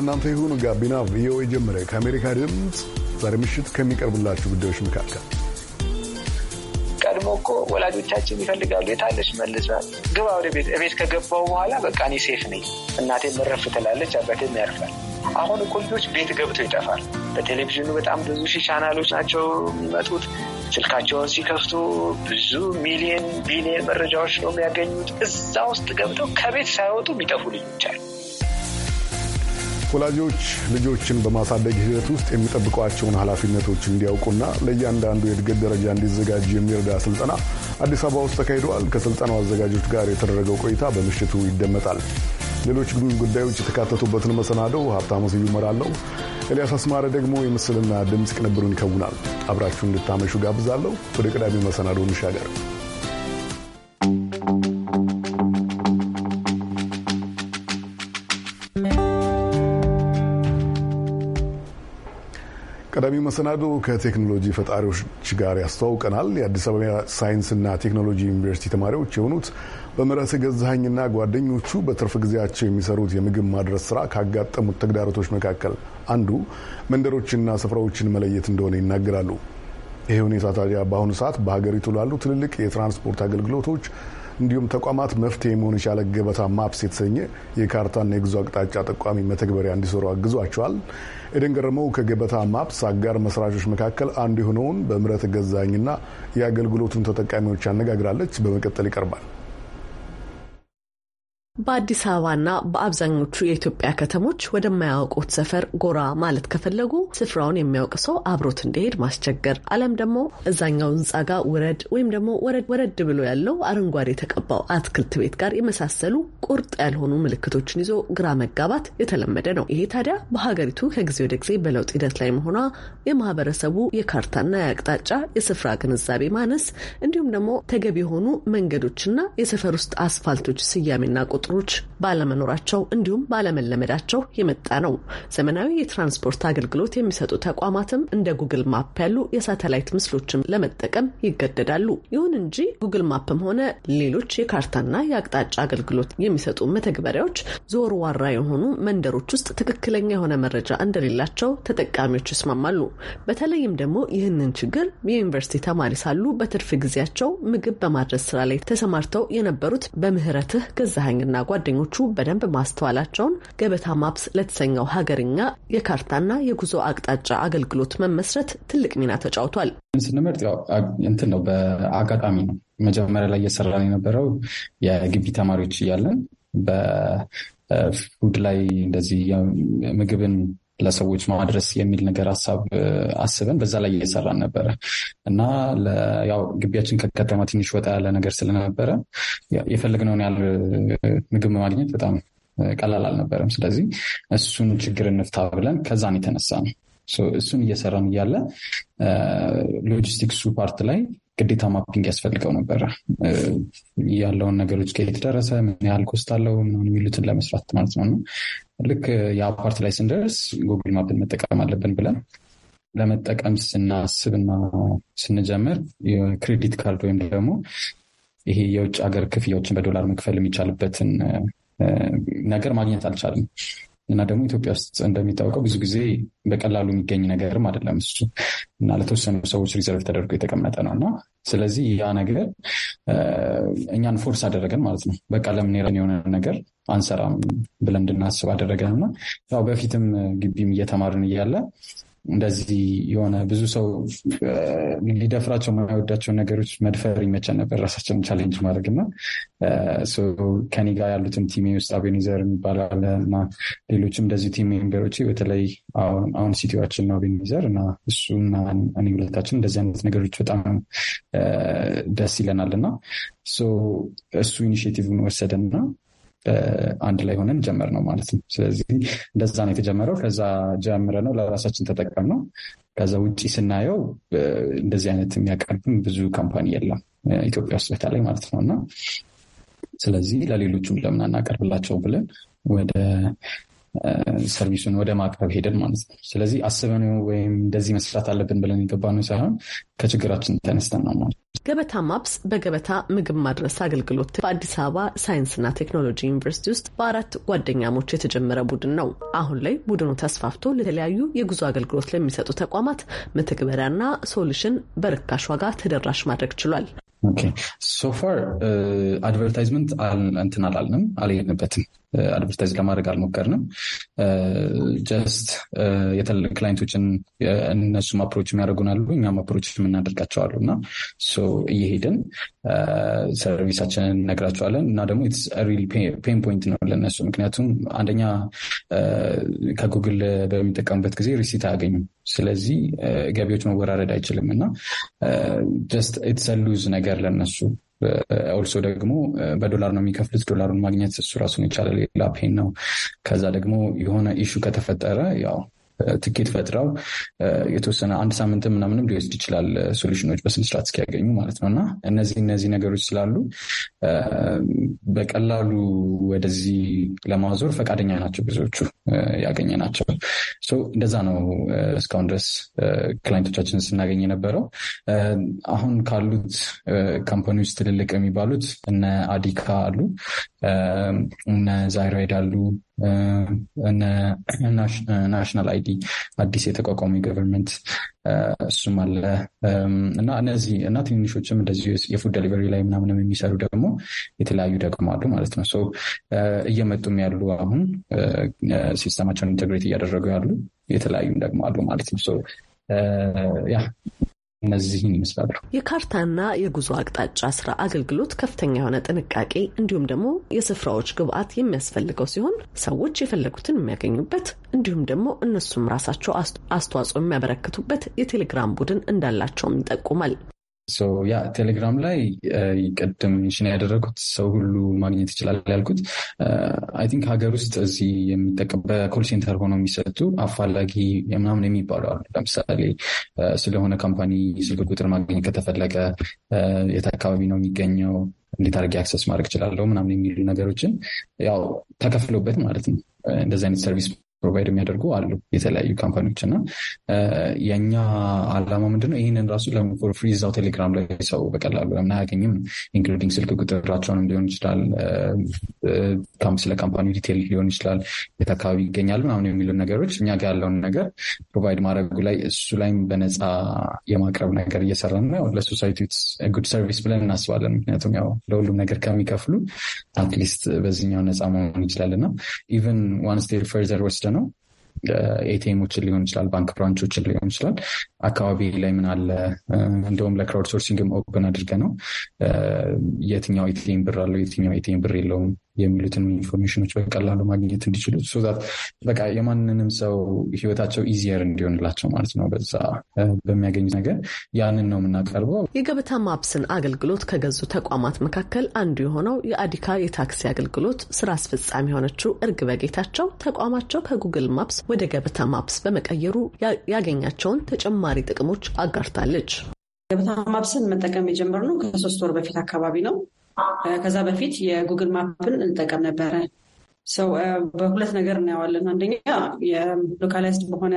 ለእናንተ ይሁን። ጋቢና ቪኦኤ ጀመረ። ከአሜሪካ ድምፅ ዛሬ ምሽት ከሚቀርቡላችሁ ጉዳዮች መካከል ቀድሞ እኮ ወላጆቻችን ይፈልጋሉ የታለች መልሳ ግባ ወደ ቤት። ከገባው በኋላ በቃ እኔ ሴፍ ነኝ፣ እናቴ እረፍ ትላለች፣ አባቴም ያርፋል። አሁን እኮ ልጆች ቤት ገብቶ ይጠፋል። በቴሌቪዥኑ በጣም ብዙ ሺ ቻናሎች ናቸው የሚመጡት። ስልካቸውን ሲከፍቱ ብዙ ሚሊየን ቢሊየን መረጃዎች ነው የሚያገኙት። እዛ ውስጥ ገብተው ከቤት ሳይወጡ የሚጠፉ ልጆች አሉ። ወላጆች ልጆችን በማሳደግ ሂደት ውስጥ የሚጠብቋቸውን ኃላፊነቶች እንዲያውቁና ለእያንዳንዱ የእድገት ደረጃ እንዲዘጋጅ የሚረዳ ስልጠና አዲስ አበባ ውስጥ ተካሂደዋል። ከስልጠናው አዘጋጆች ጋር የተደረገው ቆይታ በምሽቱ ይደመጣል። ሌሎች ጉዳዮች የተካተቱበትን መሰናደው ሀብታሙ ስዩ እመራለሁ። ኤልያስ አስማረ ደግሞ የምስልና ድምፅ ቅንብሩን ይከውናል። አብራችሁ እንድታመሹ ጋብዛለሁ። ወደ ቅዳሜ መሰናዶ እንሻገር። ቀዳሚው መሰናዶ ከቴክኖሎጂ ፈጣሪዎች ጋር ያስተዋውቀናል። የአዲስ አበባ ሳይንስና ቴክኖሎጂ ዩኒቨርሲቲ ተማሪዎች የሆኑት በምረት ገዛኸኝና ጓደኞቹ በትርፍ ጊዜያቸው የሚሰሩት የምግብ ማድረስ ስራ ካጋጠሙት ተግዳሮቶች መካከል አንዱ መንደሮችንና ስፍራዎችን መለየት እንደሆነ ይናገራሉ። ይህ ሁኔታ ታዲያ በአሁኑ ሰዓት በሀገሪቱ ላሉ ትልልቅ የትራንስፖርት አገልግሎቶች እንዲሁም ተቋማት መፍትሄ መሆን የቻለ ገበታ ማፕስ የተሰኘ የካርታና የጉዞ አቅጣጫ ጠቋሚ መተግበሪያ እንዲሰሩ አግዟቸዋል። ኤደን ገረመው ከገበታ ማፕስ አጋር መስራቾች መካከል አንዱ የሆነውን በምረት ገዛኝና የአገልግሎቱን ተጠቃሚዎች አነጋግራለች። በመቀጠል ይቀርባል። በአዲስ አበባና በአብዛኞቹ የኢትዮጵያ ከተሞች ወደማያውቁት ሰፈር ጎራ ማለት ከፈለጉ ስፍራውን የሚያውቅ ሰው አብሮት እንዲሄድ ማስቸገር፣ አለም ደግሞ እዛኛው ህንፃ ጋር ውረድ ወይም ደግሞ ወረድ ብሎ ያለው አረንጓዴ የተቀባው አትክልት ቤት ጋር የመሳሰሉ ቁርጥ ያልሆኑ ምልክቶችን ይዞ ግራ መጋባት የተለመደ ነው። ይሄ ታዲያ በሀገሪቱ ከጊዜ ወደ ጊዜ በለውጥ ሂደት ላይ መሆኗ የማህበረሰቡ የካርታና የአቅጣጫ የስፍራ ግንዛቤ ማነስ እንዲሁም ደግሞ ተገቢ የሆኑ መንገዶችና የሰፈር ውስጥ አስፋልቶች ስያሜና ቁጥሩ አውቶቡሶች ባለመኖራቸው እንዲሁም ባለመለመዳቸው የመጣ ነው። ዘመናዊ የትራንስፖርት አገልግሎት የሚሰጡ ተቋማትም እንደ ጉግል ማፕ ያሉ የሳተላይት ምስሎችን ለመጠቀም ይገደዳሉ። ይሁን እንጂ ጉግል ማፕም ሆነ ሌሎች የካርታና የአቅጣጫ አገልግሎት የሚሰጡ መተግበሪያዎች ዞር ዋራ የሆኑ መንደሮች ውስጥ ትክክለኛ የሆነ መረጃ እንደሌላቸው ተጠቃሚዎች ይስማማሉ። በተለይም ደግሞ ይህንን ችግር የዩኒቨርሲቲ ተማሪ ሳሉ በትርፍ ጊዜያቸው ምግብ በማድረስ ስራ ላይ ተሰማርተው የነበሩት በምህረትህ ገዛሀኝና ጓደኞቹ በደንብ ማስተዋላቸውን ገበታ ማፕስ ለተሰኘው ሀገርኛ የካርታና የጉዞ አቅጣጫ አገልግሎት መመስረት ትልቅ ሚና ተጫውቷል። ስንመርጥ እንትን ነው፣ በአጋጣሚ ነው። መጀመሪያ ላይ እየሰራን የነበረው የግቢ ተማሪዎች እያለን በፉድ ላይ እንደዚህ ምግብን ለሰዎች ማድረስ የሚል ነገር ሀሳብ አስበን በዛ ላይ እየሰራን ነበረ እና ያው ግቢያችን ከከተማ ትንሽ ወጣ ያለ ነገር ስለነበረ የፈለግነውን ያህል ምግብ ማግኘት በጣም ቀላል አልነበረም። ስለዚህ እሱን ችግር እንፍታ ብለን ከዛን የተነሳ ነው እሱን እየሰራን እያለ ሎጂስቲክሱ ፓርት ላይ ግዴታ ማፒንግ ያስፈልገው ነበረ። ያለውን ነገሮች ከየት ደረሰ፣ ምን ያህል ኮስት አለው፣ የሚሉትን ለመስራት ማለት ነው። ልክ የአፓርት ላይ ስንደርስ ጉግል ማፕን መጠቀም አለብን ብለን ለመጠቀም ስናስብና ስንጀምር የክሬዲት ካርድ ወይም ደግሞ ይሄ የውጭ ሀገር ክፍያዎችን በዶላር መክፈል የሚቻልበትን ነገር ማግኘት አልቻለም። እና ደግሞ ኢትዮጵያ ውስጥ እንደሚታወቀው ብዙ ጊዜ በቀላሉ የሚገኝ ነገርም አይደለም እሱ እና ለተወሰኑ ሰዎች ሪዘርቭ ተደርጎ የተቀመጠ ነው እና ስለዚህ ያ ነገር እኛን ፎርስ አደረገን ማለት ነው። በቃ ለምን የሆነ ነገር አንሰራም ብለን እንድናስብ አደረገን እና ያው በፊትም ግቢም እየተማርን እያለ እንደዚህ የሆነ ብዙ ሰው ሊደፍራቸው የማይወዳቸውን ነገሮች መድፈር ይመቸን ነበር፣ ራሳቸውን ቻሌንጅ ማድረግ እና ከኔ ጋር ያሉትን ቲሜ ውስጥ አቤኒዘር የሚባል አለ እና ሌሎችም እንደዚህ ቲም ሜምበሮች በተለይ አሁን ሲቲዋችን ነው አቤኒዘር እና እሱና እኔ ሁለታችን እንደዚህ አይነት ነገሮች በጣም ደስ ይለናል እና እሱ ኢኒሽቲቭን ወሰደና አንድ ላይ ሆነን ጀመር ነው ማለት ነው። ስለዚህ እንደዛ ነው የተጀመረው። ከዛ ጀምረ ነው ለራሳችን ተጠቀም ነው። ከዛ ውጭ ስናየው እንደዚህ አይነት የሚያቀርብም ብዙ ካምፓኒ የለም ኢትዮጵያ ውስጥ በተለይ ማለት ነው እና ስለዚህ ለሌሎቹም ለምን አናቀርብላቸው ብለን ወደ ሰርቪሱን ወደ ማቅረብ ሄደን ማለት ነው። ስለዚህ አስበን ወይም እንደዚህ መስራት አለብን ብለን የገባነው ሳይሆን ከችግራችን ተነስተን ነው ማለት ገበታ ማፕስ በገበታ ምግብ ማድረስ አገልግሎት በአዲስ አበባ ሳይንስና ቴክኖሎጂ ዩኒቨርሲቲ ውስጥ በአራት ጓደኛሞች የተጀመረ ቡድን ነው። አሁን ላይ ቡድኑ ተስፋፍቶ ለተለያዩ የጉዞ አገልግሎት ለሚሰጡ ተቋማት መተግበሪያና ሶሉሽን በርካሽ ዋጋ ተደራሽ ማድረግ ችሏል። ሶፋር uh, አድቨርታይዝመንት እንትን አላልንም አልሄድንበትም አድቨርታይዝ ለማድረግ አልሞከርንም። ጀስት ክላይንቶችን እነሱም አፕሮች የሚያደርጉን አሉ፣ እኛም አፕሮች የምናደርጋቸው አሉ እና እየሄድን ሰርቪሳችንን እነግራቸዋለን እና ደግሞ ሪል ፔን ፖይንት ነው ለነሱ ምክንያቱም አንደኛ ከጉግል በሚጠቀሙበት ጊዜ ሪሲት አያገኙም። ስለዚህ ገቢዎች መወራረድ አይችልም እና ጀስት ኢትስ ሉዝ ነገር ለነሱ። ኦልሶ ደግሞ በዶላር ነው የሚከፍሉት። ዶላሩን ማግኘት እሱ ራሱን ይቻላል ሌላ ፔን ነው። ከዛ ደግሞ የሆነ ኢሹ ከተፈጠረ ያው ትኬት ፈጥረው የተወሰነ አንድ ሳምንት ምናምንም ሊወስድ ይችላል ሶሉሽኖች በስነስርዓት እስኪያገኙ ማለት ነው። እና እነዚህ እነዚህ ነገሮች ስላሉ በቀላሉ ወደዚህ ለማዞር ፈቃደኛ ናቸው ብዙዎቹ ያገኘ ናቸው። እንደዛ ነው እስካሁን ድረስ ክላይንቶቻችንን ስናገኝ የነበረው። አሁን ካሉት ካምፓኒዎች ትልልቅ የሚባሉት እነ አዲካ አሉ። እነ ዛይሮይድ አሉ፣ ናሽናል አይዲ አዲስ የተቋቋመ ገቨርንመንት እሱም አለ እና እነዚህ እና ትንንሾችም እንደዚህ የፉድ ደሊቨሪ ላይ ምናምንም የሚሰሩ ደግሞ የተለያዩ ደግሞ አሉ ማለት ነው። እየመጡም ያሉ አሁን ሲስተማቸውን ኢንተግሬት እያደረጉ ያሉ የተለያዩም ደግሞ አሉ ማለት ነው ያ እነዚህን ይመስላሉ። የካርታና የጉዞ አቅጣጫ ስራ አገልግሎት ከፍተኛ የሆነ ጥንቃቄ እንዲሁም ደግሞ የስፍራዎች ግብዓት የሚያስፈልገው ሲሆን ሰዎች የፈለጉትን የሚያገኙበት እንዲሁም ደግሞ እነሱም ራሳቸው አስተዋጽኦ የሚያበረክቱበት የቴሌግራም ቡድን እንዳላቸውም ይጠቁማል። ያ ቴሌግራም ላይ uh, ቅድም ሽን ያደረጉት ሰው ሁሉ ማግኘት ይችላል ያልኩት አይ uh, ቲንክ ሀገር ውስጥ እዚህ የሚጠቀም በኮል ሴንተር ሆነው የሚሰጡ አፋላጊ ምናምን የሚባሉ አሉ። ለምሳሌ uh, ስለሆነ ካምፓኒ ስልክ ቁጥር ማግኘት ከተፈለገ የት አካባቢ ነው የሚገኘው፣ እንዴት አድርጌ አክሰስ ማድረግ እችላለሁ ምናምን የሚሉ ነገሮችን ያው ተከፍሎበት ማለት ነው እንደዚህ አይነት ሰርቪስ ፕሮቫይድ የሚያደርጉ አሉ የተለያዩ ካምፓኒዎች እና የእኛ አላማ ምንድነው? ይህንን ራሱ ለምፎርፍሪ እዛው ቴሌግራም ላይ ሰው በቀላሉ ለምን አያገኝም? ኢንክሉዲንግ ስልክ ቁጥራቸውንም ሊሆን ይችላል፣ ስለ ካምፓኒ ዲቴል ሊሆን ይችላል፣ የት አካባቢ ይገኛል ምናምን የሚሉ ነገሮች እኛ ጋር ያለውን ነገር ፕሮቫይድ ማድረጉ ላይ እሱ ላይም በነፃ የማቅረብ ነገር እየሰራ ነው። ለሶሳይቲ ጉድ ሰርቪስ ብለን እናስባለን። ምክንያቱም ያው ለሁሉም ነገር ከሚከፍሉ አትሊስት በዚህኛው ነፃ መሆን ይችላል እና ኢቨን ዋን ስቴፕ ፈርዘር ወስደ ነው። ኤቲኤሞችን ሊሆን ይችላል፣ ባንክ ብራንቾችን ሊሆን ይችላል። አካባቢ ላይ ምን አለ እንዲሁም ለክራውድ ሶርሲንግም ኦፕን አድርገ ነው የትኛው ኤቲኤም ብር አለው የትኛው ኤቲኤም ብር የለውም የሚሉትን ኢንፎርሜሽኖች በቀላሉ ማግኘት እንዲችሉ ዛት በቃ የማንንም ሰው ህይወታቸው ኢዚየር እንዲሆንላቸው ማለት ነው። በዛ በሚያገኙት ነገር ያንን ነው የምናቀርበው። የገበታ ማፕስን አገልግሎት ከገዙ ተቋማት መካከል አንዱ የሆነው የአዲካ የታክሲ አገልግሎት ስራ አስፈጻሚ የሆነችው እርግ በጌታቸው ተቋማቸው ከጉግል ማፕስ ወደ ገበታ ማፕስ በመቀየሩ ያገኛቸውን ተጨማሪ ጥቅሞች አጋርታለች። ገበታ ማፕስን መጠቀም የጀመርነው ከሶስት ወር በፊት አካባቢ ነው። ከዛ በፊት የጉግል ማፕን እንጠቀም ነበረ። ሰው በሁለት ነገር እናየዋለን። አንደኛ የሎካላይዝድ በሆነ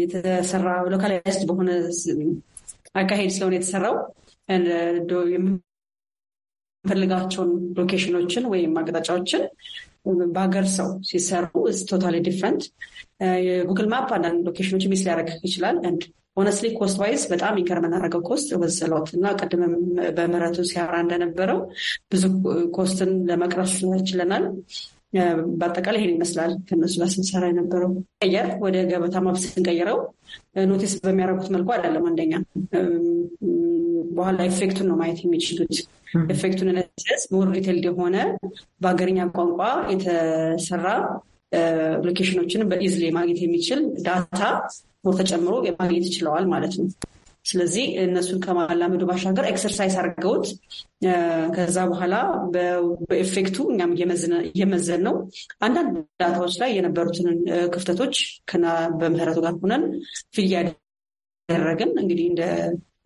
የተሰራ ሎካላይዝድ በሆነ አካሄድ ስለሆነ የተሰራው የምንፈልጋቸውን ሎኬሽኖችን ወይም አቅጣጫዎችን በሀገር ሰው ሲሰሩ ቶታሊ ዲፍረንት። የጉግል ማፕ አንዳንድ ሎኬሽኖች ሚስ ሊያደርግ ይችላል። ሆነስሊ ኮስት ዋይስ በጣም ይገርመን ይገርምናደረገው ኮስት ወዘለውት እና ቅድም በምረቱ ሲያራ እንደነበረው ብዙ ኮስትን ለመቅረፍ ችለናል። በአጠቃላይ ይሄን ይመስላል። ከነሱ ጋር ስንሰራ የነበረው ቀየር ወደ ገበታ ማብስ ስንቀይረው ኖቲስ በሚያደርጉት መልኩ አይደለም። አንደኛ በኋላ ኤፌክቱን ነው ማየት የሚችሉት። ኤፌክቱን ነስ ሞር ዲቴልድ የሆነ በሀገርኛ ቋንቋ የተሰራ አፕሊኬሽኖችን በኢዝሊ ማግኘት የሚችል ዳታ ሞር ተጨምሮ የማግኘት ይችለዋል ማለት ነው። ስለዚህ እነሱን ከማላመዱ ባሻገር ኤክሰርሳይዝ አድርገውት ከዛ በኋላ በኤፌክቱ እኛም እየመዘን ነው። አንዳንድ ዳታዎች ላይ የነበሩትን ክፍተቶች ከና በምህረቱ ጋር ሆነን ፊል ያደረግን እንግዲህ እንደ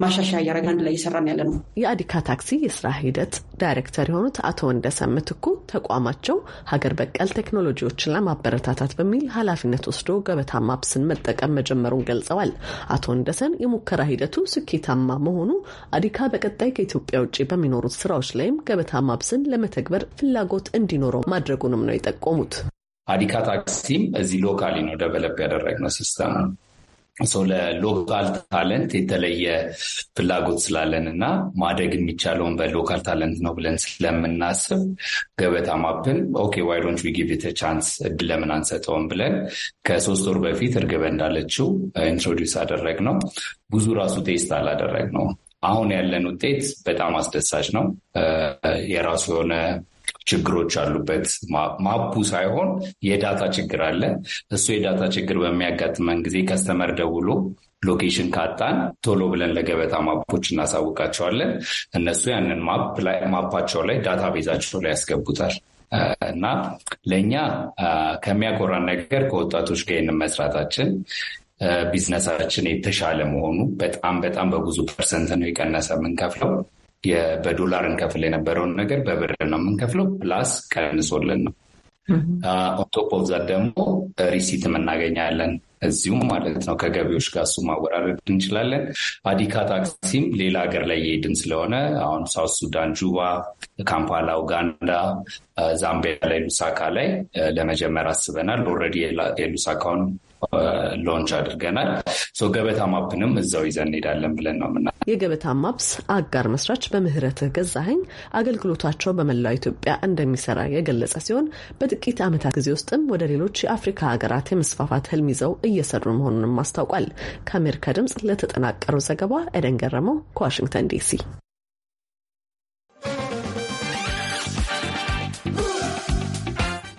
ማሻሻያ እያደረግን አንድ ላይ እየሰራን ያለ ነው። የአዲካ ታክሲ የስራ ሂደት ዳይሬክተር የሆኑት አቶ ወንደሰን ምትኩ ተቋማቸው ሀገር በቀል ቴክኖሎጂዎችን ለማበረታታት በሚል ኃላፊነት ወስዶ ገበታ ማፕስን መጠቀም መጀመሩን ገልጸዋል። አቶ ወንደሰን የሙከራ ሂደቱ ስኬታማ መሆኑ አዲካ በቀጣይ ከኢትዮጵያ ውጭ በሚኖሩት ስራዎች ላይም ገበታ ማፕስን ለመተግበር ፍላጎት እንዲኖረው ማድረጉንም ነው የጠቆሙት። አዲካ ታክሲም እዚህ ሎካሊ ነው ደቨለፕ ያደረግነው ሲስተም ለሎካል ታለንት የተለየ ፍላጎት ስላለን እና ማደግ የሚቻለውን በሎካል ታለንት ነው ብለን ስለምናስብ ገበታ ማፕን ኦኬ ዋይ ዶንት ዊ ጊቭ ኢት ቻንስ እድል ለምን አንሰጠውም ብለን ከሶስት ወር በፊት እርግበ እንዳለችው ኢንትሮዲውስ አደረግ ነው። ብዙ ራሱ ቴስት አላደረግ ነው። አሁን ያለን ውጤት በጣም አስደሳች ነው። የራሱ የሆነ ችግሮች አሉበት። ማፑ ሳይሆን የዳታ ችግር አለ። እሱ የዳታ ችግር በሚያጋጥመን ጊዜ ከስተመር ደውሎ ሎኬሽን ካጣን ቶሎ ብለን ለገበታ ማፖች እናሳውቃቸዋለን። እነሱ ያንን ማፓቸው ላይ ዳታ ቤዛቸው ላይ ያስገቡታል። እና ለእኛ ከሚያኮራን ነገር ከወጣቶች ጋር ይህንን መስራታችን ቢዝነሳችን የተሻለ መሆኑ በጣም በጣም በብዙ ፐርሰንት ነው የቀነሰ የምንከፍለው። በዶላር እንከፍል የነበረውን ነገር በብር ነው የምንከፍለው። ፕላስ ቀንሶልን ነው። ኦንቶፕ ኦፍ ዛት ደግሞ ሪሲትም እናገኛለን እዚሁም ማለት ነው ከገቢዎች ጋር እሱ ማወራረድ እንችላለን። አዲካ ታክሲም ሌላ ሀገር ላይ የሄድን ስለሆነ አሁን ሳውት ሱዳን፣ ጁባ፣ ካምፓላ፣ ኡጋንዳ፣ ዛምቢያ ላይ ሉሳካ ላይ ለመጀመር አስበናል። ኦልሬዲ የሉሳካውን ሎንች አድርገናል። ገበታ ማፕንም እዛው ይዘን እንሄዳለን ብለን ነው ምና የገበታ ማፕስ አጋር መስራች በምህረትህ ገዛኸኝ አገልግሎታቸው በመላው ኢትዮጵያ እንደሚሰራ የገለጸ ሲሆን በጥቂት ዓመታት ጊዜ ውስጥም ወደ ሌሎች የአፍሪካ ሀገራት የመስፋፋት ህልም ይዘው እየሰሩ መሆኑንም አስታውቋል። ከአሜሪካ ድምጽ ለተጠናቀረው ዘገባ ኤደን ገረመው ከዋሽንግተን ዲሲ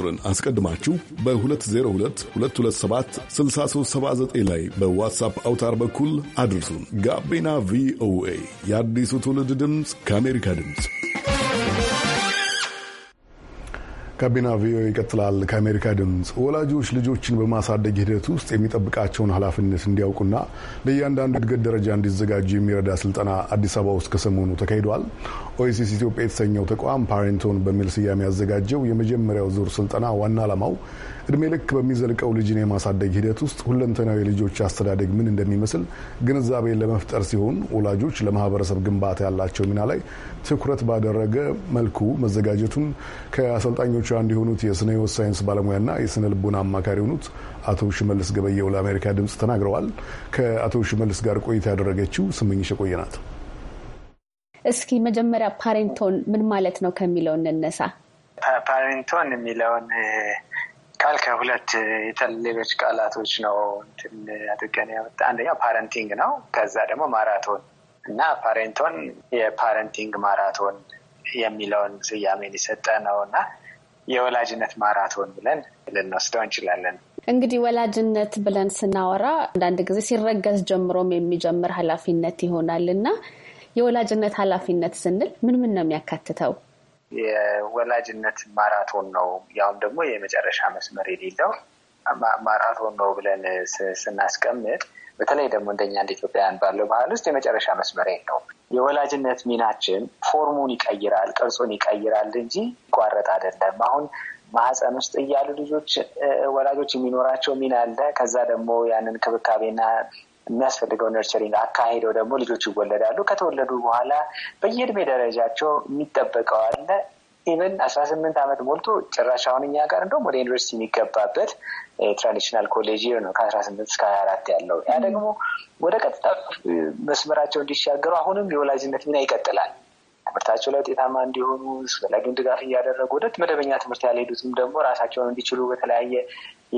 ቁጥርን አስቀድማችሁ በ 6379 ላይ በዋትሳፕ አውታር በኩል አድርሱን። ጋቢና ቪኦኤ የአዲሱ ትውልድ ድምፅ ከአሜሪካ ድምፅ ጋቢና ቪኦኤ ይቀጥላል። ከአሜሪካ ድምፅ ወላጆች ልጆችን በማሳደግ ሂደት ውስጥ የሚጠብቃቸውን ኃላፊነት እንዲያውቁና ለእያንዳንዱ እድገት ደረጃ እንዲዘጋጁ የሚረዳ ስልጠና አዲስ አበባ ውስጥ ከሰሞኑ ተካሂዷል። ኦኤሲስ ኢትዮጵያ የተሰኘው ተቋም ፓሬንቶን በሚል ስያሜ ያዘጋጀው የመጀመሪያው ዙር ስልጠና ዋና ዓላማው እድሜ ልክ በሚዘልቀው ልጅን የማሳደግ ሂደት ውስጥ ሁለንተናዊ ልጆች አስተዳደግ ምን እንደሚመስል ግንዛቤ ለመፍጠር ሲሆን ወላጆች ለማህበረሰብ ግንባታ ያላቸው ሚና ላይ ትኩረት ባደረገ መልኩ መዘጋጀቱን ከአሰልጣኞቹ አንድ የሆኑት የስነ ህይወት ሳይንስ ባለሙያና የስነ ልቦና አማካሪ የሆኑት አቶ ሽመልስ ገበየው ለአሜሪካ ድምፅ ተናግረዋል። ከአቶ ሽመልስ ጋር ቆይታ ያደረገችው ስምኝሽ የቆየ ናት። እስኪ መጀመሪያ ፓሬንቶን ምን ማለት ነው ከሚለው እንነሳ። ፓሬንቶን የሚለውን ቃል ከሁለት ሌሎች ቃላቶች ነው እንትን አድርገን ያመጣ። አንደኛው ፓረንቲንግ ነው። ከዛ ደግሞ ማራቶን እና ፓሬንቶን የፓረንቲንግ ማራቶን የሚለውን ስያሜን የሰጠ ነው እና የወላጅነት ማራቶን ብለን ልንወስደው እንችላለን። እንግዲህ ወላጅነት ብለን ስናወራ አንዳንድ ጊዜ ሲረገዝ ጀምሮም የሚጀምር ኃላፊነት ይሆናል እና የወላጅነት ኃላፊነት ስንል ምን ምን ነው የሚያካትተው? የወላጅነት ማራቶን ነው። ያውም ደግሞ የመጨረሻ መስመር የሌለው ማራቶን ነው ብለን ስናስቀምጥ በተለይ ደግሞ እንደኛ እንደ ኢትዮጵያውያን ባለው ባህል ውስጥ የመጨረሻ መስመር የለውም። የወላጅነት ሚናችን ፎርሙን ይቀይራል፣ ቅርጹን ይቀይራል እንጂ ይቋረጥ አይደለም። አሁን ማህፀን ውስጥ እያሉ ልጆች ወላጆች የሚኖራቸው ሚና አለ። ከዛ ደግሞ ያንን ክብካቤና የሚያስፈልገው ነርሰሪንግ አካሄደው ደግሞ ልጆች ይወለዳሉ። ከተወለዱ በኋላ በየእድሜ ደረጃቸው የሚጠበቀው አለ። ኢቨን አስራ ስምንት ዓመት ሞልቶ ጭራሽ አሁን እኛ ጋር እንደውም ወደ ዩኒቨርሲቲ የሚገባበት ትራዲሽናል ኮሌጅ ነው ከአስራ ስምንት እስከ ሀያ አራት ያለው ያ ደግሞ ወደ ቀጥታ መስመራቸው እንዲሻገሩ አሁንም የወላጅነት ሚና ይቀጥላል። ትምህርታቸው ላይ ውጤታማ እንዲሆኑ አስፈላጊውን ድጋፍ እያደረጉ ወደ መደበኛ ትምህርት ያልሄዱትም ደግሞ ራሳቸውን እንዲችሉ በተለያየ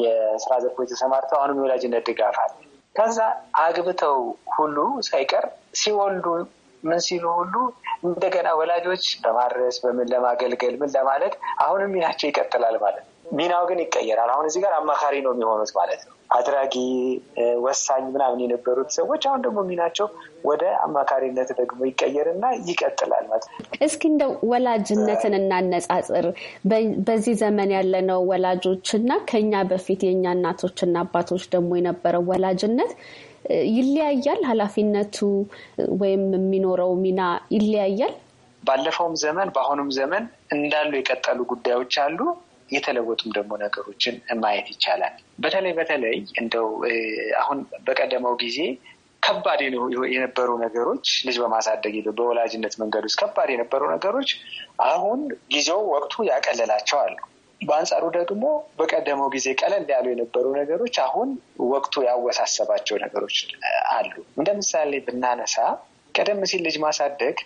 የስራ ዘርፎች ተሰማርተው አሁንም የወላጅነት ድጋፍ አለ። ከዛ አግብተው ሁሉ ሳይቀር ሲወልዱ ምን ሲሉ ሁሉ እንደገና ወላጆች ለማድረስ በምን ለማገልገል ምን ለማለት አሁንም ሚናቸው ይቀጥላል ማለት ነው። ሚናው ግን ይቀየራል። አሁን እዚህ ጋር አማካሪ ነው የሚሆኑት ማለት ነው። አድራጊ ወሳኝ ምናምን የነበሩት ሰዎች አሁን ደግሞ ሚናቸው ወደ አማካሪነት ደግሞ ይቀየርና ይቀጥላል ማለት ነው። እስኪ እንደ ወላጅነትን እናነጻጽር። በዚህ ዘመን ያለነው ወላጆች እና ከኛ በፊት የእኛ እናቶችና አባቶች ደግሞ የነበረው ወላጅነት ይለያያል። ኃላፊነቱ ወይም የሚኖረው ሚና ይለያያል። ባለፈውም ዘመን በአሁኑም ዘመን እንዳሉ የቀጠሉ ጉዳዮች አሉ። የተለወጡም ደግሞ ነገሮችን ማየት ይቻላል። በተለይ በተለይ እንደው አሁን በቀደመው ጊዜ ከባድ የነበሩ ነገሮች ልጅ በማሳደግ በወላጅነት መንገድ ውስጥ ከባድ የነበሩ ነገሮች አሁን ጊዜው ወቅቱ ያቀለላቸው አሉ። በአንጻሩ ደግሞ በቀደመው ጊዜ ቀለል ያሉ የነበሩ ነገሮች አሁን ወቅቱ ያወሳሰባቸው ነገሮች አሉ። እንደ ምሳሌ ብናነሳ ቀደም ሲል ልጅ ማሳደግ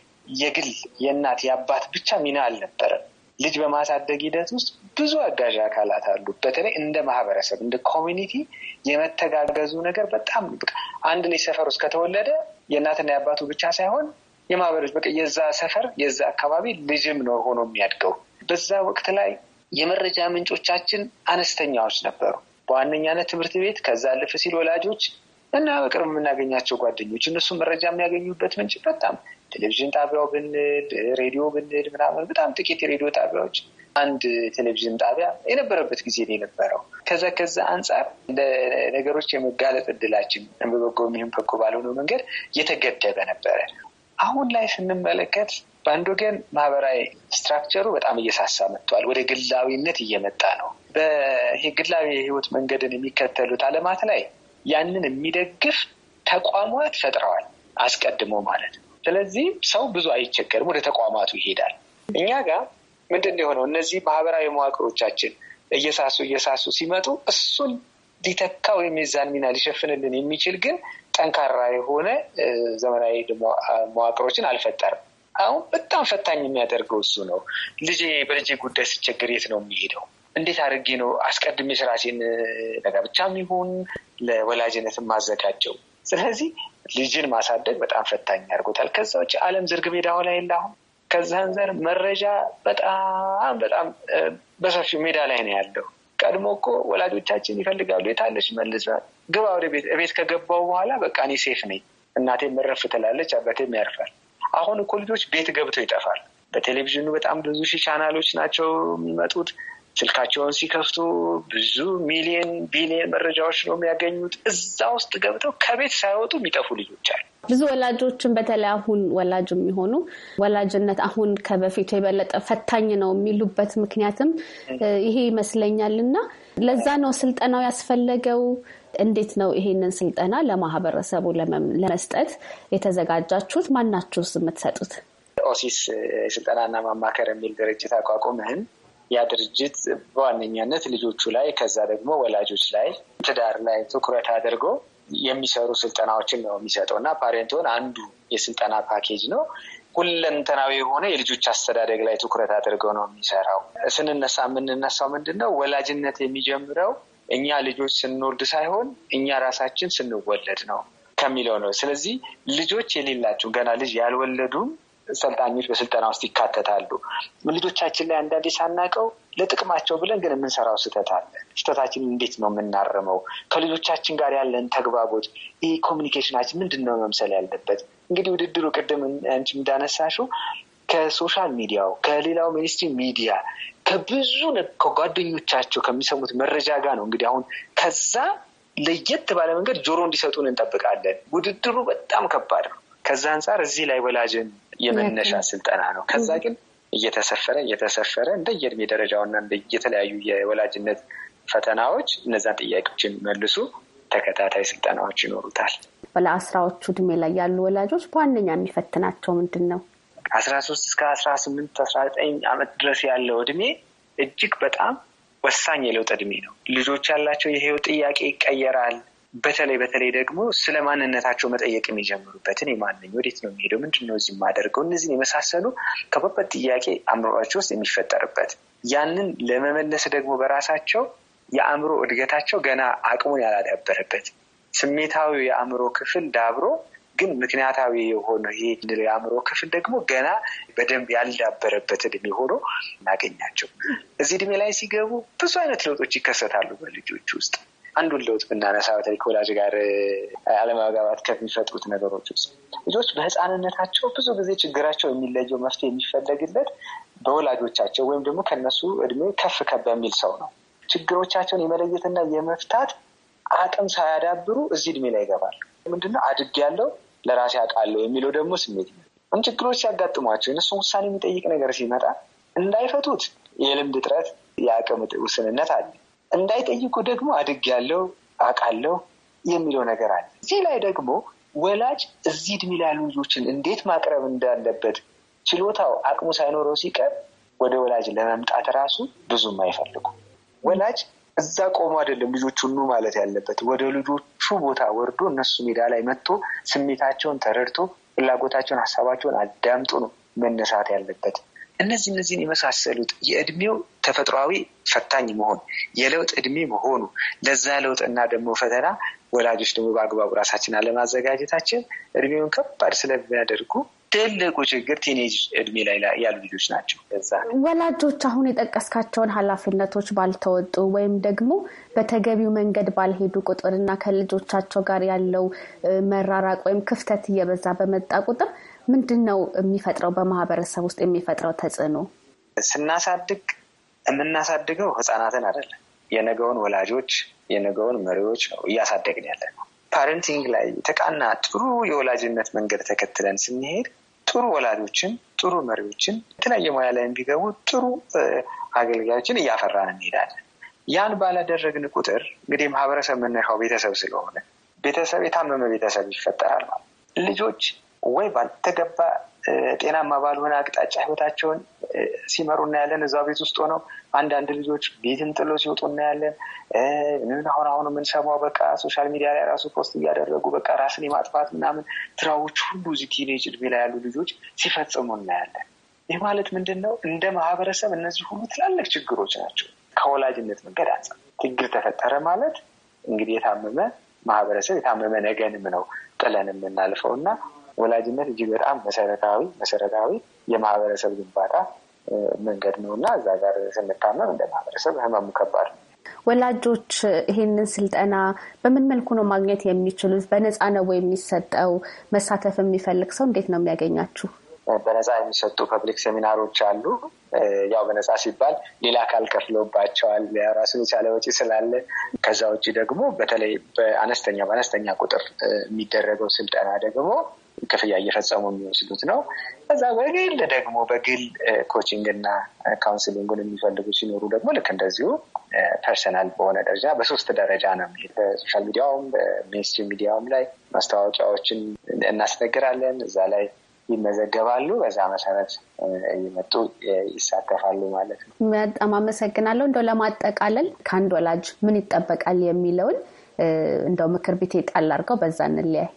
የግል የእናት የአባት ብቻ ሚና አልነበረም። ልጅ በማሳደግ ሂደት ውስጥ ብዙ አጋዥ አካላት አሉ። በተለይ እንደ ማህበረሰብ እንደ ኮሚኒቲ የመተጋገዙ ነገር በጣም አንድ ልጅ ሰፈር ውስጥ ከተወለደ የእናትና የአባቱ ብቻ ሳይሆን የማህበሮች በቃ የዛ ሰፈር የዛ አካባቢ ልጅም ነው ሆኖ የሚያድገው። በዛ ወቅት ላይ የመረጃ ምንጮቻችን አነስተኛዎች ነበሩ። በዋነኛነት ትምህርት ቤት፣ ከዛ አለፍ ሲል ወላጆች እና በቅርብ የምናገኛቸው ጓደኞች እነሱ መረጃ የሚያገኙበት ምንጭ በጣም ቴሌቪዥን ጣቢያው ብንል ሬዲዮ ብንል ምናምን በጣም ጥቂት የሬዲዮ ጣቢያዎች አንድ ቴሌቪዥን ጣቢያ የነበረበት ጊዜ ነው የነበረው። ከዛ ከዛ አንጻር ለነገሮች የመጋለጥ እድላችን በበጎ የሚሆን በጎ ባልሆነው መንገድ እየተገደበ ነበረ። አሁን ላይ ስንመለከት በአንድ ወገን ማህበራዊ ስትራክቸሩ በጣም እየሳሳ መጥቷል። ወደ ግላዊነት እየመጣ ነው። በግላዊ የህይወት መንገድን የሚከተሉት አለማት ላይ ያንን የሚደግፍ ተቋማት ፈጥረዋል፣ አስቀድሞ ማለት ነው። ስለዚህ ሰው ብዙ አይቸገርም፣ ወደ ተቋማቱ ይሄዳል። እኛ ጋር ምንድን የሆነው? እነዚህ ማህበራዊ መዋቅሮቻችን እየሳሱ እየሳሱ ሲመጡ እሱን ሊተካ ወይም የዛን ሚና ሊሸፍንልን የሚችል ግን ጠንካራ የሆነ ዘመናዊ መዋቅሮችን አልፈጠርም። አሁን በጣም ፈታኝ የሚያደርገው እሱ ነው። ልጄ በልጄ ጉዳይ ስቸገር የት ነው የሚሄደው? እንዴት አድርጌ ነው አስቀድሜ ስራሴን ለጋብቻም ይሁን ለወላጅነት ማዘጋጀው? ስለዚህ ልጅን ማሳደግ በጣም ፈታኝ ያደርጎታል። ከዛ ውጭ ዝርግ ሜዳ ላይ የለ አሁን ከዛ አንፃር መረጃ በጣም በጣም በሰፊው ሜዳ ላይ ነው ያለው። ቀድሞ እኮ ወላጆቻችን ይፈልጋሉ የታለች መልስ ግባ ወደ ቤት ቤት ከገባው በኋላ በቃ እኔ ሴፍ ነኝ፣ እናቴ መረፍ ትላለች፣ አባቴም ያርፋል። አሁን እኮ ልጆች ቤት ገብተው ይጠፋል። በቴሌቪዥኑ በጣም ብዙ ሺህ ቻናሎች ናቸው የሚመጡት። ስልካቸውን ሲከፍቱ ብዙ ሚሊየን ቢሊየን መረጃዎች ነው የሚያገኙት። እዛ ውስጥ ገብተው ከቤት ሳይወጡ የሚጠፉ ልጆች አሉ። ብዙ ወላጆችን በተለይ አሁን ወላጅ የሚሆኑ ወላጅነት አሁን ከበፊቱ የበለጠ ፈታኝ ነው የሚሉበት ምክንያትም ይሄ ይመስለኛል። እና ለዛ ነው ስልጠናው ያስፈለገው። እንዴት ነው ይሄንን ስልጠና ለማህበረሰቡ ለመስጠት የተዘጋጃችሁት? ማናችሁስ የምትሰጡት? ኦሲስ ስልጠናና ማማከር የሚል ድርጅት አቋቁምህን ያ ድርጅት በዋነኛነት ልጆቹ ላይ ከዛ ደግሞ ወላጆች ላይ ትዳር ላይ ትኩረት አድርጎ የሚሰሩ ስልጠናዎችን ነው የሚሰጠው እና ፓሬንትሆን አንዱ የስልጠና ፓኬጅ ነው። ሁለንተናዊ የሆነ የልጆች አስተዳደግ ላይ ትኩረት አድርገው ነው የሚሰራው። ስንነሳ የምንነሳው ምንድን ነው ወላጅነት የሚጀምረው እኛ ልጆች ስንወልድ ሳይሆን እኛ ራሳችን ስንወለድ ነው ከሚለው ነው። ስለዚህ ልጆች የሌላቸው ገና ልጅ ያልወለዱም ሰልጣኞች በስልጠና ውስጥ ይካተታሉ። ልጆቻችን ላይ አንዳንዴ ሳናቀው ለጥቅማቸው ብለን ግን የምንሰራው ስህተት አለ። ስህተታችን እንዴት ነው የምናርመው? ከልጆቻችን ጋር ያለን ተግባቦት፣ ይህ ኮሚኒኬሽናችን ምንድን ነው መምሰል ያለበት? እንግዲህ ውድድሩ ቅድም አንቺ እንዳነሳሽው ከሶሻል ሚዲያው ከሌላው ሚኒስትሪ ሚዲያ ከብዙ ከጓደኞቻቸው ከሚሰሙት መረጃ ጋር ነው እንግዲህ አሁን ከዛ ለየት ባለ መንገድ ጆሮ እንዲሰጡን እንጠብቃለን። ውድድሩ በጣም ከባድ ነው። ከዛ አንጻር እዚህ ላይ ወላጅን የመነሻ ስልጠና ነው። ከዛ ግን እየተሰፈረ እየተሰፈረ እንደ የእድሜ ደረጃውና የተለያዩ የወላጅነት ፈተናዎች እነዛን ጥያቄዎች መልሱ ተከታታይ ስልጠናዎች ይኖሩታል። በለአስራዎቹ እድሜ ላይ ያሉ ወላጆች በዋነኛ የሚፈትናቸው ምንድን ነው? አስራ ሶስት እስከ አስራ ስምንት አስራ ዘጠኝ ዓመት ድረስ ያለው እድሜ እጅግ በጣም ወሳኝ የለውጥ እድሜ ነው። ልጆች ያላቸው የህይወት ጥያቄ ይቀየራል። በተለይ በተለይ ደግሞ ስለ ማንነታቸው መጠየቅ የሚጀምሩበት እኔ ማን ወዴት ነው የሚሄደው? ምንድን ነው እዚህ የማደርገው? እነዚህን የመሳሰሉ ከባባድ ጥያቄ አእምሮቸው ውስጥ የሚፈጠርበት ያንን ለመመለስ ደግሞ በራሳቸው የአእምሮ እድገታቸው ገና አቅሙን ያላዳበረበት ስሜታዊ የአእምሮ ክፍል ዳብሮ ግን ምክንያታዊ የሆነ ይሄ የአእምሮ ክፍል ደግሞ ገና በደንብ ያልዳበረበት እድሜ ሆኖ እናገኛቸው። እዚህ እድሜ ላይ ሲገቡ ብዙ አይነት ለውጦች ይከሰታሉ በልጆች ውስጥ አንዱን ለውጥ ብናነሳ በተለይ ከወላጅ ጋር አለመግባባት ከሚፈጥሩት ነገሮች ውስጥ ልጆች በህፃንነታቸው ብዙ ጊዜ ችግራቸው የሚለየው መፍትሄ የሚፈለግለት በወላጆቻቸው ወይም ደግሞ ከነሱ እድሜ ከፍ ከፍ በሚል ሰው ነው። ችግሮቻቸውን የመለየትና የመፍታት አቅም ሳያዳብሩ እዚህ እድሜ ላይ ይገባሉ። ምንድነው አድግ ያለው ለራሴ አውቃለሁ የሚለው ደግሞ ስሜት ነው። ችግሮች ሲያጋጥሟቸው እነሱን ውሳኔ የሚጠይቅ ነገር ሲመጣ እንዳይፈቱት የልምድ እጥረት፣ የአቅም ውስንነት አለ። እንዳይጠይቁ ደግሞ አድግ ያለው አቃለው የሚለው ነገር አለ። እዚህ ላይ ደግሞ ወላጅ እዚህ እድሜ ላሉ ልጆችን እንዴት ማቅረብ እንዳለበት ችሎታው አቅሙ ሳይኖረው ሲቀር ወደ ወላጅ ለመምጣት ራሱ ብዙም አይፈልጉ። ወላጅ እዛ ቆሞ አይደለም ልጆቹ ኑ ማለት ያለበት፣ ወደ ልጆቹ ቦታ ወርዶ እነሱ ሜዳ ላይ መጥቶ ስሜታቸውን ተረድቶ ፍላጎታቸውን፣ ሀሳባቸውን አዳምጡ ነው መነሳት ያለበት። እነዚህ እነዚህን የመሳሰሉት የእድሜው ተፈጥሯዊ ፈታኝ መሆን የለውጥ እድሜ መሆኑ ለዛ እና ደግሞ ፈተና ወላጆች ደግሞ በአግባቡ ራሳችን አለማዘጋጀታችን እድሜውን ከባድ ስለሚያደርጉ ትልቁ ችግር ቲኔጅ እድሜ ላይ ያሉ ልጆች ናቸው። ለዛ ወላጆች አሁን የጠቀስካቸውን ኃላፊነቶች ባልተወጡ ወይም ደግሞ በተገቢው መንገድ ባልሄዱ ቁጥርና ከልጆቻቸው ጋር ያለው መራራቅ ወይም ክፍተት እየበዛ በመጣ ቁጥር ምንድን ነው የሚፈጥረው? በማህበረሰብ ውስጥ የሚፈጥረው ተጽዕኖ ስናሳድግ የምናሳድገው ህጻናትን አይደለም፣ የነገውን ወላጆች፣ የነገውን መሪዎች ነው እያሳደግን ያለ ነው። ፓረንቲንግ ላይ ተቃና ጥሩ የወላጅነት መንገድ ተከትለን ስንሄድ ጥሩ ወላጆችን፣ ጥሩ መሪዎችን፣ የተለያየ ሙያ ላይ ቢገቡ ጥሩ አገልጋዮችን እያፈራን እንሄዳለን። ያን ባላደረግን ቁጥር እንግዲህ ማህበረሰብ መነሻው ቤተሰብ ስለሆነ ቤተሰብ የታመመ ቤተሰብ ይፈጠራል ማለት ልጆች ወይ ባልተገባ ጤናማ ባልሆነ አቅጣጫ ህይወታቸውን ሲመሩ እናያለን። እዛ ቤት ውስጥ ሆነው አንዳንድ ልጆች ቤትን ጥሎ ሲወጡ እናያለን። ምን አሁን አሁን የምንሰማው በቃ ሶሻል ሚዲያ ላይ ራሱ ፖስት እያደረጉ በቃ ራስን የማጥፋት ምናምን ትራዎች ሁሉ እዚህ ቲኔጅ እድሜ ላይ ያሉ ልጆች ሲፈጽሙ እናያለን። ይህ ማለት ምንድን ነው? እንደ ማህበረሰብ እነዚህ ሁሉ ትላልቅ ችግሮች ናቸው። ከወላጅነት መንገድ አጽ ችግር ተፈጠረ ማለት እንግዲህ የታመመ ማህበረሰብ የታመመ ነገንም ነው ጥለን የምናልፈው እና ወላጅነት እጅግ በጣም መሰረታዊ መሰረታዊ የማህበረሰብ ግንባታ መንገድ ነው እና እዛ ጋር ስንታመም እንደ ማህበረሰብ ህመሙ ከባድ ነው። ወላጆች ይህንን ስልጠና በምን መልኩ ነው ማግኘት የሚችሉት? በነፃ ነው የሚሰጠው? መሳተፍ የሚፈልግ ሰው እንዴት ነው የሚያገኛችሁ? በነፃ የሚሰጡ ፐብሊክ ሴሚናሮች አሉ። ያው በነፃ ሲባል ሌላ አካል ከፍሎባቸዋል ራሱን የቻለ ወጪ ስላለ። ከዛ ውጭ ደግሞ በተለይ በአነስተኛ በአነስተኛ ቁጥር የሚደረገው ስልጠና ደግሞ ክፍያ እየፈጸሙ የሚወስዱት ነው። ከዛ በግል ደግሞ በግል ኮችንግ እና ካውንስሊንጉን የሚፈልጉ ሲኖሩ ደግሞ ልክ እንደዚሁ ፐርሰናል በሆነ ደረጃ በሶስት ደረጃ ነው የሚሄድ። በሶሻል ሚዲያውም በሜንስትሪም ሚዲያውም ላይ ማስታወቂያዎችን እናስነግራለን። እዛ ላይ ይመዘገባሉ። በዛ መሰረት እየመጡ ይሳተፋሉ ማለት ነው። በጣም አመሰግናለሁ። እንደው ለማጠቃለል ከአንድ ወላጅ ምን ይጠበቃል የሚለውን እንደው ምክር ቤት ጣል አድርገው በዛ እንለያይ።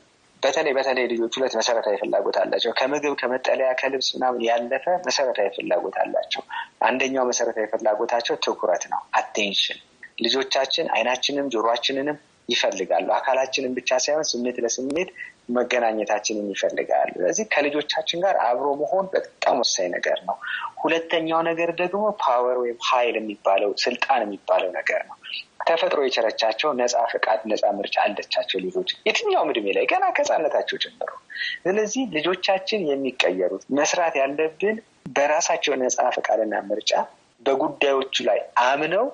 በተለይ በተለይ ልጆች ሁለት መሰረታዊ ፍላጎት አላቸው። ከምግብ ከመጠለያ፣ ከልብስ ምናምን ያለፈ መሰረታዊ ፍላጎት አላቸው። አንደኛው መሰረታዊ ፍላጎታቸው ትኩረት ነው፣ አቴንሽን። ልጆቻችን አይናችንም ጆሮአችንንም ይፈልጋሉ። አካላችንን ብቻ ሳይሆን ስሜት ለስሜት መገናኘታችንን ይፈልጋል። ስለዚህ ከልጆቻችን ጋር አብሮ መሆን በጣም ወሳኝ ነገር ነው። ሁለተኛው ነገር ደግሞ ፓወር ወይም ኃይል የሚባለው ስልጣን የሚባለው ነገር ነው። ተፈጥሮ የቸረቻቸው ነፃ ፍቃድ ነፃ ምርጫ አለቻቸው ልጆች የትኛውም እድሜ ላይ ገና ከህፃንነታቸው ጀምሮ። ስለዚህ ልጆቻችን የሚቀየሩት መስራት ያለብን በራሳቸው ነፃ ፈቃድና ምርጫ በጉዳዮቹ ላይ አምነው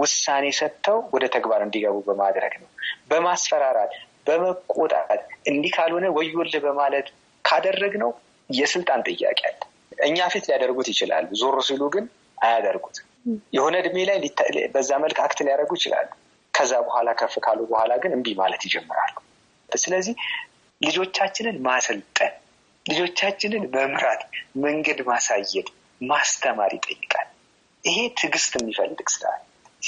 ውሳኔ ሰጥተው ወደ ተግባር እንዲገቡ በማድረግ ነው። በማስፈራራት በመቆጣት እንዲህ ካልሆነ ወዮል በማለት ካደረግነው የስልጣን ጥያቄ አለ። እኛ ፊት ሊያደርጉት ይችላሉ፣ ዞር ሲሉ ግን አያደርጉትም። የሆነ እድሜ ላይ በዛ መልክ አክት ሊያደርጉ ይችላሉ። ከዛ በኋላ ከፍ ካሉ በኋላ ግን እምቢ ማለት ይጀምራሉ። ስለዚህ ልጆቻችንን ማሰልጠን፣ ልጆቻችንን መምራት፣ መንገድ ማሳየት፣ ማስተማር ይጠይቃል። ይሄ ትዕግስት የሚፈልግ ስራ።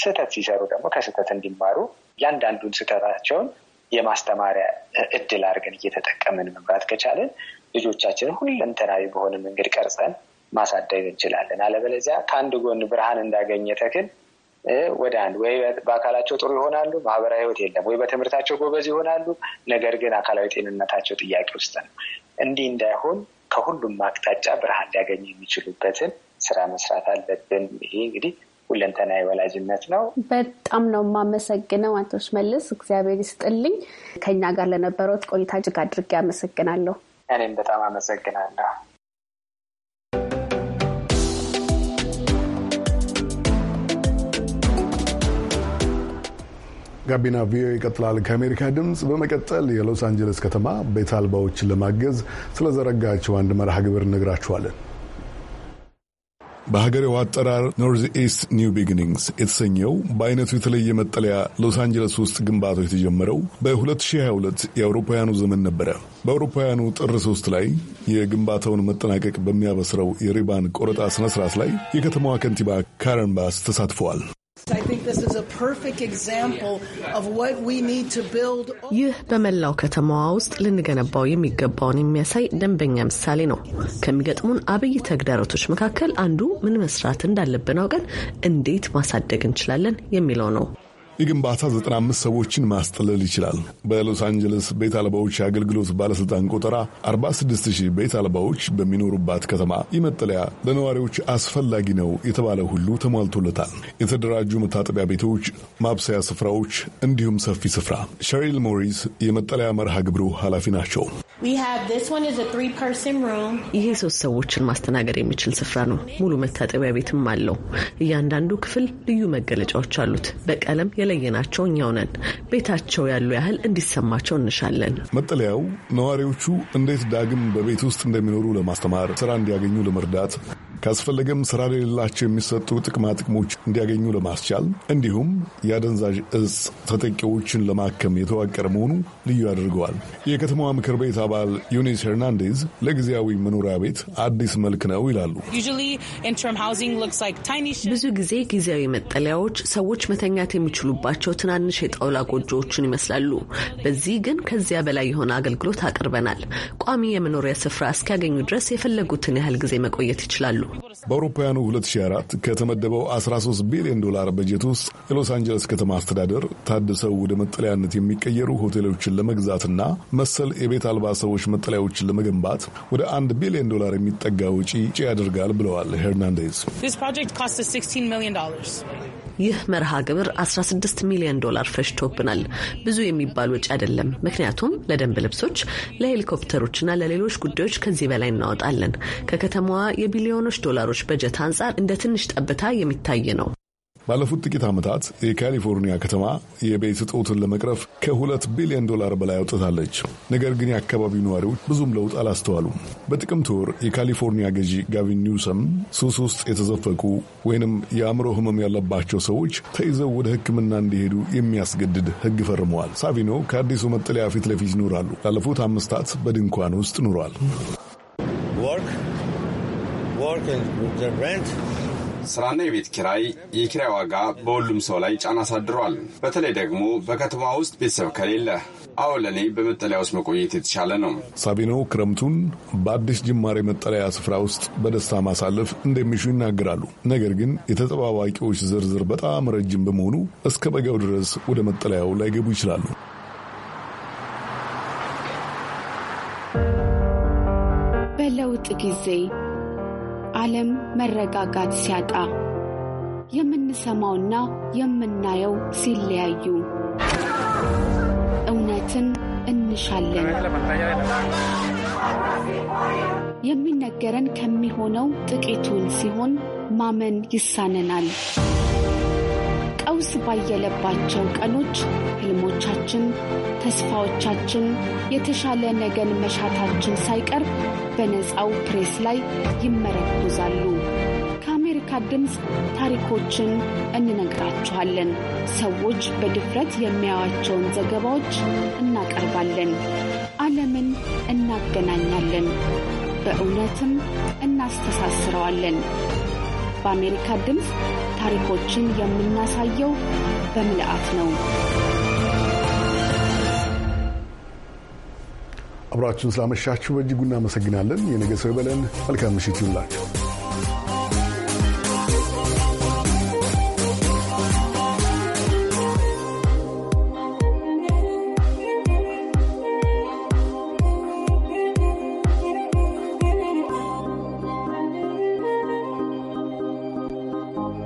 ስህተት ሲሰሩ ደግሞ ከስህተት እንዲማሩ እያንዳንዱን ስህተታቸውን የማስተማሪያ እድል አድርገን እየተጠቀምን መምራት ከቻለን ልጆቻችንን ሁለንተናዊ በሆነ መንገድ ቀርጸን ማሳደግ እንችላለን። አለበለዚያ ከአንድ ጎን ብርሃን እንዳገኘ ተክል ወደ አንድ ወይ በአካላቸው ጥሩ ይሆናሉ፣ ማህበራዊ ህይወት የለም፣ ወይ በትምህርታቸው ጎበዝ ይሆናሉ፣ ነገር ግን አካላዊ ጤንነታቸው ጥያቄ ውስጥ ነው። እንዲህ እንዳይሆን ከሁሉም አቅጣጫ ብርሃን ሊያገኙ የሚችሉበትን ስራ መስራት አለብን። ይሄ እንግዲህ ሁለንተና ወላጅነት ነው። በጣም ነው የማመሰግነው አቶ ሽመልስ፣ እግዚአብሔር ይስጥልኝ። ከኛ ጋር ለነበረት ቆይታ እጅግ አድርጌ አመሰግናለሁ። እኔም በጣም አመሰግናለሁ። ጋቢና ቪኦኤ ይቀጥላል። ከአሜሪካ ድምፅ በመቀጠል የሎስ አንጀለስ ከተማ ቤት አልባዎችን ለማገዝ ስለዘረጋቸው አንድ መርሃ ግብር እነግራችኋለን። በሀገሬው አጠራር ኖርዝ ኢስት ኒው ቢግኒንግስ የተሰኘው በአይነቱ የተለየ መጠለያ ሎስ አንጀለስ ውስጥ ግንባታው የተጀመረው በ2022 የአውሮፓውያኑ ዘመን ነበረ። በአውሮፓውያኑ ጥር ሶስት ላይ የግንባታውን መጠናቀቅ በሚያበስረው የሪባን ቆረጣ ስነስርዓት ላይ የከተማዋ ከንቲባ ካረን ባስ ተሳትፈዋል። ይህ በመላው ከተማዋ ውስጥ ልንገነባው የሚገባውን የሚያሳይ ደንበኛ ምሳሌ ነው። ከሚገጥሙን አብይ ተግዳሮቶች መካከል አንዱ ምን መስራት እንዳለብን አውቀን እንዴት ማሳደግ እንችላለን የሚለው ነው። የግንባታ 95 ሰዎችን ማስጠለል ይችላል። በሎስ አንጀለስ ቤት አልባዎች የአገልግሎት ባለሥልጣን ቆጠራ 46000 ቤት አልባዎች በሚኖሩባት ከተማ የመጠለያ ለነዋሪዎች አስፈላጊ ነው የተባለ ሁሉ ተሟልቶለታል። የተደራጁ መታጠቢያ ቤቶች፣ ማብሰያ ስፍራዎች እንዲሁም ሰፊ ስፍራ። ሸሪል ሞሪስ የመጠለያ መርሃ ግብሩ ኃላፊ ናቸው። ይሄ ሶስት ሰዎችን ማስተናገድ የሚችል ስፍራ ነው። ሙሉ መታጠቢያ ቤትም አለው። እያንዳንዱ ክፍል ልዩ መገለጫዎች አሉት። በቀለም የለየናቸው እኛው ነን። ቤታቸው ያሉ ያህል እንዲሰማቸው እንሻለን። መጠለያው ነዋሪዎቹ እንዴት ዳግም በቤት ውስጥ እንደሚኖሩ ለማስተማር ስራ እንዲያገኙ ለመርዳት ካስፈለገም ስራ ለሌላቸው የሚሰጡ ጥቅማ ጥቅሞች እንዲያገኙ ለማስቻል እንዲሁም የአደንዛዥ እጽ ተጠቂዎችን ለማከም የተዋቀረ መሆኑ ልዩ አድርገዋል። የከተማዋ ምክር ቤት አባል ዩኒስ ሄርናንዴዝ ለጊዜያዊ መኖሪያ ቤት አዲስ መልክ ነው ይላሉ። ብዙ ጊዜ ጊዜያዊ መጠለያዎች ሰዎች መተኛት የሚችሉባቸው ትናንሽ የጣውላ ጎጆዎችን ይመስላሉ። በዚህ ግን ከዚያ በላይ የሆነ አገልግሎት አቅርበናል። ቋሚ የመኖሪያ ስፍራ እስኪያገኙ ድረስ የፈለጉትን ያህል ጊዜ መቆየት ይችላሉ። በአውሮፓውያኑ 2004 ከተመደበው 13 ቢሊዮን ዶላር በጀት ውስጥ የሎስ አንጀለስ ከተማ አስተዳደር ታድሰው ወደ መጠለያነት የሚቀየሩ ሆቴሎችን ለመግዛትና መሰል የቤት አልባ ሰዎች መጠለያዎችን ለመገንባት ወደ አንድ ቢሊዮን ዶላር የሚጠጋ ውጪ ያደርጋል ብለዋል ሄርናንዴዝ። ይህ መርሃ ግብር 16 ሚሊዮን ዶላር ፈጅቶብናል። ብዙ የሚባል ወጪ አይደለም፣ ምክንያቱም ለደንብ ልብሶች፣ ለሄሊኮፕተሮችና ለሌሎች ጉዳዮች ከዚህ በላይ እናወጣለን። ከከተማዋ የቢሊዮኖች ዶላሮች በጀት አንጻር እንደ ትንሽ ጠብታ የሚታይ ነው። ባለፉት ጥቂት ዓመታት የካሊፎርኒያ ከተማ የቤት እጦትን ለመቅረፍ ከሁለት ቢሊዮን ዶላር በላይ አውጥታለች። ነገር ግን የአካባቢው ነዋሪዎች ብዙም ለውጥ አላስተዋሉም። በጥቅምት ወር የካሊፎርኒያ ገዢ ጋቪን ኒውሰም ሱስ ውስጥ የተዘፈቁ ወይንም የአእምሮ ሕመም ያለባቸው ሰዎች ተይዘው ወደ ሕክምና እንዲሄዱ የሚያስገድድ ሕግ ፈርመዋል። ሳቪኖ ከአዲሱ መጠለያ ፊት ለፊት ይኖራሉ። ላለፉት አምስታት በድንኳን ውስጥ ኑሯል። ስራና የቤት ኪራይ፣ የኪራይ ዋጋ በሁሉም ሰው ላይ ጫና አሳድሯል። በተለይ ደግሞ በከተማ ውስጥ ቤተሰብ ከሌለ አሁን ለእኔ በመጠለያ ውስጥ መቆየት የተሻለ ነው። ሳቢኖ ክረምቱን በአዲስ ጅማሬ መጠለያ ስፍራ ውስጥ በደስታ ማሳለፍ እንደሚሹ ይናገራሉ። ነገር ግን የተጠባባቂዎች ዝርዝር በጣም ረጅም በመሆኑ እስከ በጋው ድረስ ወደ መጠለያው ላይገቡ ይችላሉ። በለውጥ ጊዜ ዓለም መረጋጋት ሲያጣ የምንሰማውና የምናየው ሲለያዩ እውነትን እንሻለን። የሚነገረን ከሚሆነው ጥቂቱን ሲሆን ማመን ይሳነናል። ቀውስ ባየለባቸው ቀኖች ህልሞቻችን፣ ተስፋዎቻችን፣ የተሻለ ነገን መሻታችን ሳይቀር በነፃው ፕሬስ ላይ ይመረኮዛሉ። ከአሜሪካ ድምፅ ታሪኮችን እንነግራችኋለን። ሰዎች በድፍረት የሚያዩአቸውን ዘገባዎች እናቀርባለን። ዓለምን እናገናኛለን፣ በእውነትም እናስተሳስረዋለን። በአሜሪካ ድምፅ ታሪኮችን የምናሳየው በምልአት ነው። አብራችሁን ስላመሻችሁ በእጅጉ እናመሰግናለን። የነገ ሰው ይበለን። መልካም ምሽት ይሁንላችሁ።